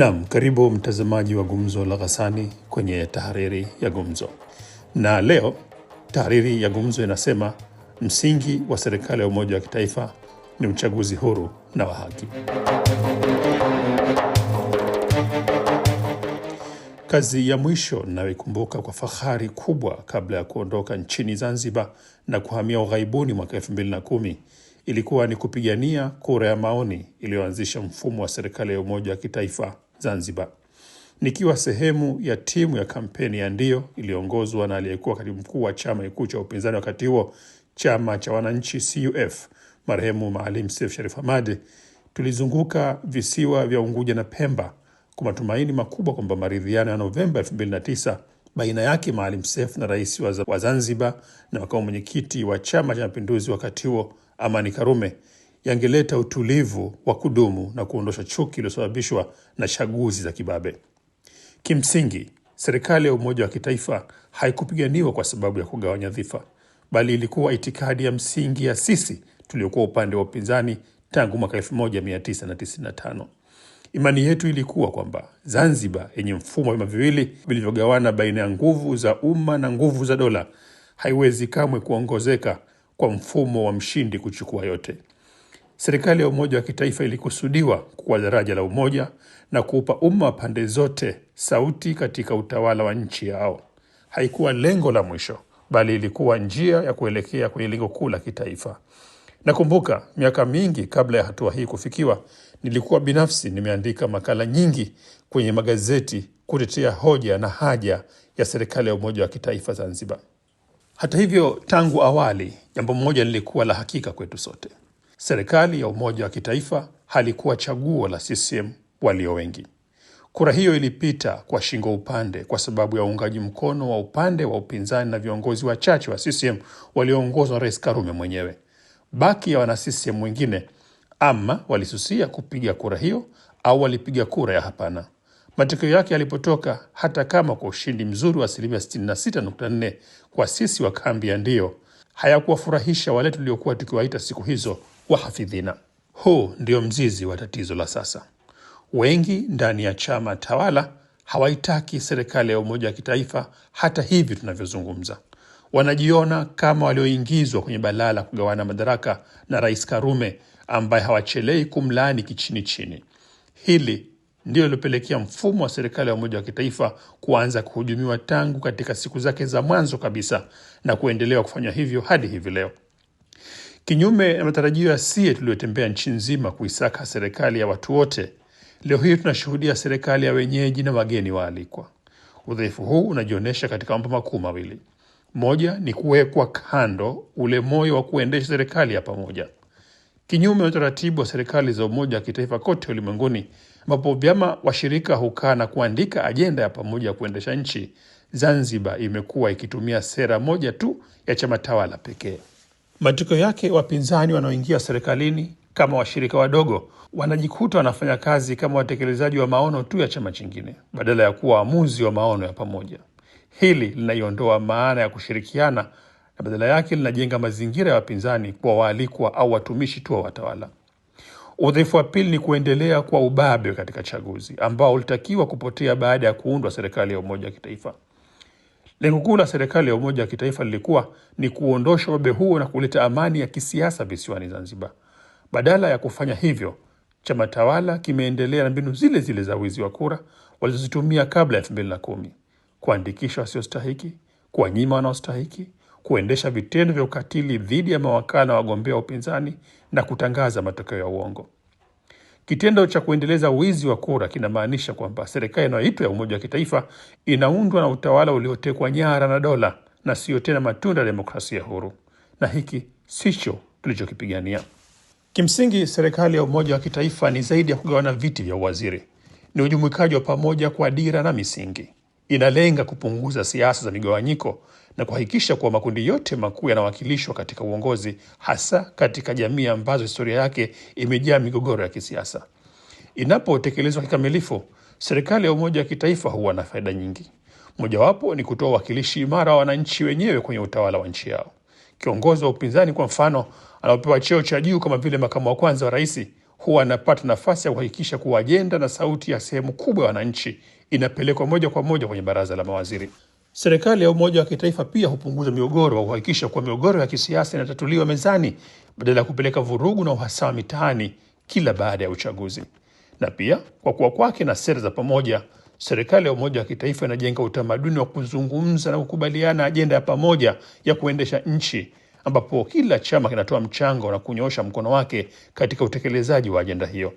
Naam, karibu mtazamaji wa Gumzo la Ghassani kwenye tahariri ya Gumzo. Na leo tahariri ya Gumzo inasema msingi wa serikali ya umoja wa kitaifa ni uchaguzi huru na wa haki. Kazi ya mwisho ninayoikumbuka kwa fahari kubwa kabla ya kuondoka nchini Zanzibar na kuhamia ughaibuni mwaka 2010 ilikuwa ni kupigania kura ya maoni iliyoanzisha mfumo wa serikali ya umoja wa kitaifa Zanzibar, nikiwa sehemu ya timu ya kampeni ya ndio iliyoongozwa na aliyekuwa katibu mkuu wa chama kikuu cha upinzani wakati huo, chama cha wananchi CUF, marehemu Maalim Seif Sharif Hamad. Tulizunguka visiwa vya Unguja na Pemba kwa matumaini makubwa kwamba maridhiano ya Novemba 2009 baina yake Maalim Seif na rais wa Zanzibar na makamu mwenyekiti wa Chama cha Mapinduzi wakati huo Amani Karume yangeleta utulivu wa kudumu na kuondosha chuki iliyosababishwa na chaguzi za kibabe. Kimsingi, serikali ya umoja wa kitaifa haikupiganiwa kwa sababu ya kugawanya dhifa, bali ilikuwa itikadi ya msingi ya sisi tuliokuwa upande wa upinzani tangu mwaka 1995. Imani yetu ilikuwa kwamba Zanzibar yenye mfumo wa vyama viwili vilivyogawana baina ya nguvu za umma na nguvu za dola haiwezi kamwe kuongozeka kwa mfumo wa mshindi kuchukua yote. Serikali ya umoja wa kitaifa ilikusudiwa kuwa daraja la umoja na kuupa umma wa pande zote sauti katika utawala wa nchi yao. Haikuwa lengo la mwisho, bali ilikuwa njia ya kuelekea kwenye lengo kuu la kitaifa. Nakumbuka miaka mingi kabla ya hatua hii kufikiwa, nilikuwa binafsi nimeandika makala nyingi kwenye magazeti kutetea hoja na haja ya serikali ya umoja wa kitaifa Zanzibar. Hata hivyo, tangu awali jambo moja lilikuwa la hakika kwetu sote serikali ya umoja wa kitaifa halikuwa chaguo la CCM walio wengi. Kura hiyo ilipita kwa shingo upande kwa sababu ya uungaji mkono wa upande wa upinzani na viongozi wachache wa CCM walioongozwa na Rais Karume mwenyewe. Baki ya wana CCM wengine ama walisusia kupiga kura hiyo au walipiga kura ya hapana. Matokeo yake yalipotoka, hata kama kwa ushindi mzuri wa asilimia 66.4 kwa sisi wa kambi ya ndio, hayakuwafurahisha wale tuliokuwa tukiwaita siku hizo wahafidhina. Huu ndio mzizi wa tatizo la sasa. Wengi ndani ya chama tawala hawaitaki serikali ya umoja wa kitaifa hata hivi tunavyozungumza. Wanajiona kama walioingizwa kwenye balaa la kugawana madaraka na Rais Karume ambaye hawachelei kumlaani kichini chini. Hili ndio lilopelekea mfumo wa serikali ya umoja wa kitaifa kuanza kuhujumiwa tangu katika siku zake za mwanzo kabisa na kuendelewa kufanywa hivyo hadi hivi leo. Kinyume na matarajio ya sie tuliyotembea nchi nzima kuisaka serikali ya watu wote, leo hii tunashuhudia serikali ya wenyeji na wageni waalikwa. Udhaifu huu unajionyesha katika mambo makuu mawili. Moja ni kuwekwa kando ule moyo wa kuendesha serikali ya pamoja, kinyume na utaratibu wa serikali za umoja wa kitaifa kote ulimwenguni, ambapo vyama washirika hukaa na kuandika ajenda ya pamoja ya kuendesha nchi. Zanzibar imekuwa ikitumia sera moja tu ya chama tawala pekee. Matokeo yake wapinzani wanaoingia serikalini kama washirika wadogo wanajikuta wanafanya kazi kama watekelezaji wa maono tu ya chama chingine badala ya kuwa waamuzi wa maono ya pamoja. Hili linaiondoa maana ya kushirikiana na badala yake linajenga mazingira ya wapinzani kuwa waalikwa au watumishi tu wa watawala. Udhaifu wa pili ni kuendelea kwa ubabe katika chaguzi ambao ulitakiwa kupotea baada ya kuundwa serikali ya umoja wa kitaifa. Lengo kuu la serikali ya umoja wa kitaifa lilikuwa ni kuondosha ubabe huo na kuleta amani ya kisiasa visiwani Zanzibar. Badala ya kufanya hivyo, chama tawala kimeendelea na mbinu zile zile za wizi wa kura walizozitumia kabla ya elfu mbili na kumi: kuandikisha wasiostahiki, kuwanyima wanaostahiki, kuendesha vitendo vya ukatili dhidi ya mawakala wagombea wa upinzani na kutangaza matokeo ya uongo. Kitendo cha kuendeleza wizi wa kura kinamaanisha kwamba serikali inayoitwa ya umoja wa kitaifa inaundwa na utawala uliotekwa nyara na dola na siyo tena matunda ya demokrasia huru, na hiki sicho tulichokipigania. Kimsingi, serikali ya umoja wa kitaifa ni zaidi ya kugawana viti vya uwaziri, ni ujumuikaji wa pamoja kwa dira na misingi inalenga kupunguza siasa za migawanyiko na kuhakikisha kuwa makundi yote makuu yanawakilishwa katika uongozi, hasa katika jamii ambazo historia yake imejaa migogoro ya kisiasa. Inapotekelezwa kikamilifu, serikali ya umoja wa kitaifa huwa na faida nyingi. Mojawapo ni kutoa uwakilishi imara wa wananchi wenyewe kwenye utawala wa nchi yao. Kiongozi wa upinzani, kwa mfano, anaopewa cheo cha juu kama vile makamu wa kwanza wa rais, huwa anapata nafasi ya kuhakikisha kuwa ajenda na sauti ya sehemu kubwa ya wananchi inapelekwa moja kwa moja kwenye baraza la mawaziri. Serikali ya umoja wa kitaifa pia hupunguza migogoro wa kuhakikisha kuwa migogoro ya kisiasa inatatuliwa mezani badala ya kupeleka vurugu na uhasama mitaani kila baada ya uchaguzi. Na pia kwa kuwa kwake na sera za pamoja, serikali ya umoja wa kitaifa inajenga utamaduni wa kuzungumza na kukubaliana ajenda ya pamoja ya kuendesha nchi ambapo kila chama kinatoa mchango na kunyoosha mkono wake katika utekelezaji wa ajenda hiyo.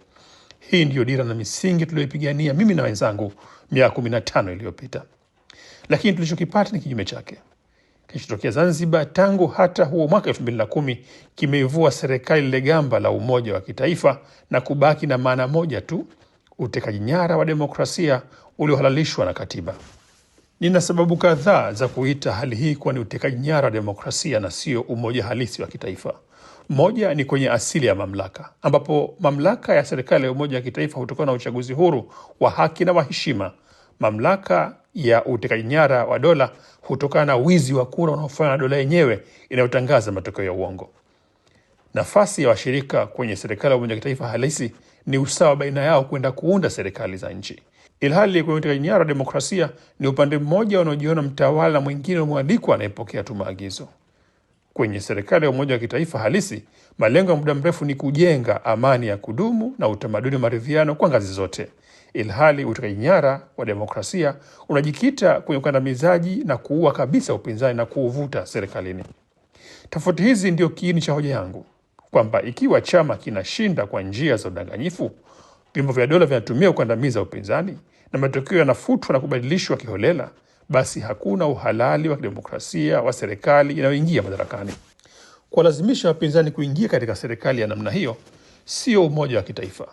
Hii ndiyo dira na misingi tuliyoipigania mimi na wenzangu miaka kumi na tano iliyopita, lakini tulichokipata ni kinyume chake. Kilichotokea Zanzibar tangu hata huo mwaka elfu mbili na kumi kimeivua serikali lile gamba la umoja wa kitaifa na kubaki na maana moja tu, utekaji nyara wa demokrasia uliohalalishwa na katiba. Nina sababu kadhaa za kuita hali hii kuwa ni utekaji nyara demokrasia na sio umoja halisi wa kitaifa. Moja ni kwenye asili ya mamlaka, ambapo mamlaka ya serikali ya umoja wa kitaifa hutokana na uchaguzi huru wa haki na wa heshima. Mamlaka ya utekaji nyara wa dola hutokana na wizi wa kura unaofanywa na dola yenyewe inayotangaza matokeo ya uongo. Nafasi ya washirika kwenye serikali ya umoja wa kitaifa halisi ni usawa baina yao kwenda kuunda serikali za nchi, ilhali katika nyara demokrasia ni upande mmoja wanaojiona mtawala, mwingine mwalikwa anayepokea tu maagizo. Kwenye serikali ya umoja wa kitaifa halisi, malengo ya muda mrefu ni kujenga amani ya kudumu na utamaduni wa maridhiano kwa ngazi zote, ilhali utekajinyara nyara wa demokrasia unajikita kwenye ukandamizaji na kuua kabisa upinzani na kuuvuta serikalini. Tofauti hizi ndio kiini cha hoja yangu kwamba ikiwa chama kinashinda kwa njia za udanganyifu, vyombo vya dola vinatumia kukandamiza upinzani na matokeo yanafutwa na kubadilishwa kiholela, basi hakuna uhalali wa kidemokrasia wa serikali inayoingia madarakani. Kuwalazimisha wapinzani kuingia katika serikali ya namna hiyo sio umoja wa kitaifa,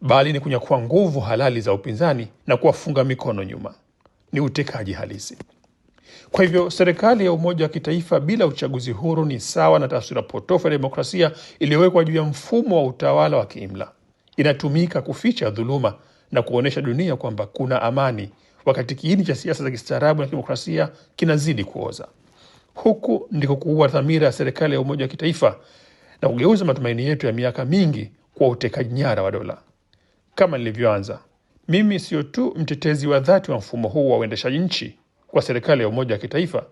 bali ni kunyakua nguvu halali za upinzani na kuwafunga mikono nyuma. Ni utekaji halisi. Kwa hivyo serikali ya umoja wa kitaifa bila uchaguzi huru ni sawa na taswira potofu ya demokrasia iliyowekwa juu ya mfumo wa utawala wa kiimla. Inatumika kuficha dhuluma na kuonyesha dunia kwamba kuna amani, wakati kiini cha siasa za kistaarabu na kidemokrasia kinazidi kuoza. Huku ndiko kuua dhamira ya serikali ya umoja wa kitaifa na kugeuza matumaini yetu ya miaka mingi kwa utekaji nyara wa dola. Kama nilivyoanza, mimi sio tu mtetezi wa dhati wa mfumo huu wa uendeshaji nchi kwa serikali ya umoja wa kitaifa,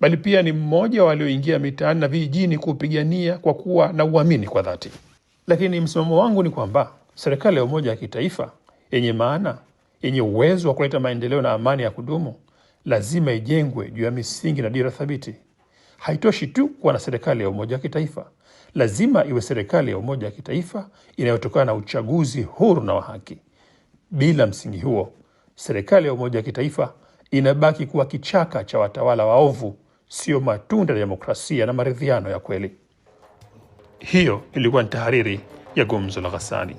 bali pia ni mmoja walioingia mitaani na vijijini kupigania kwa kuwa na uamini kwa dhati. Lakini msimamo wangu ni kwamba serikali ya umoja wa kitaifa yenye maana, yenye uwezo wa kuleta maendeleo na amani ya kudumu, lazima ijengwe juu ya misingi na dira thabiti. Haitoshi tu kuwa na serikali ya umoja wa kitaifa, lazima iwe serikali ya umoja wa kitaifa inayotokana na uchaguzi huru na wa haki. Bila msingi huo, serikali ya umoja wa kitaifa inabaki kuwa kichaka cha watawala waovu, sio matunda ya demokrasia na maridhiano ya kweli. Hiyo ilikuwa ni tahariri ya Gumzo la Ghassani.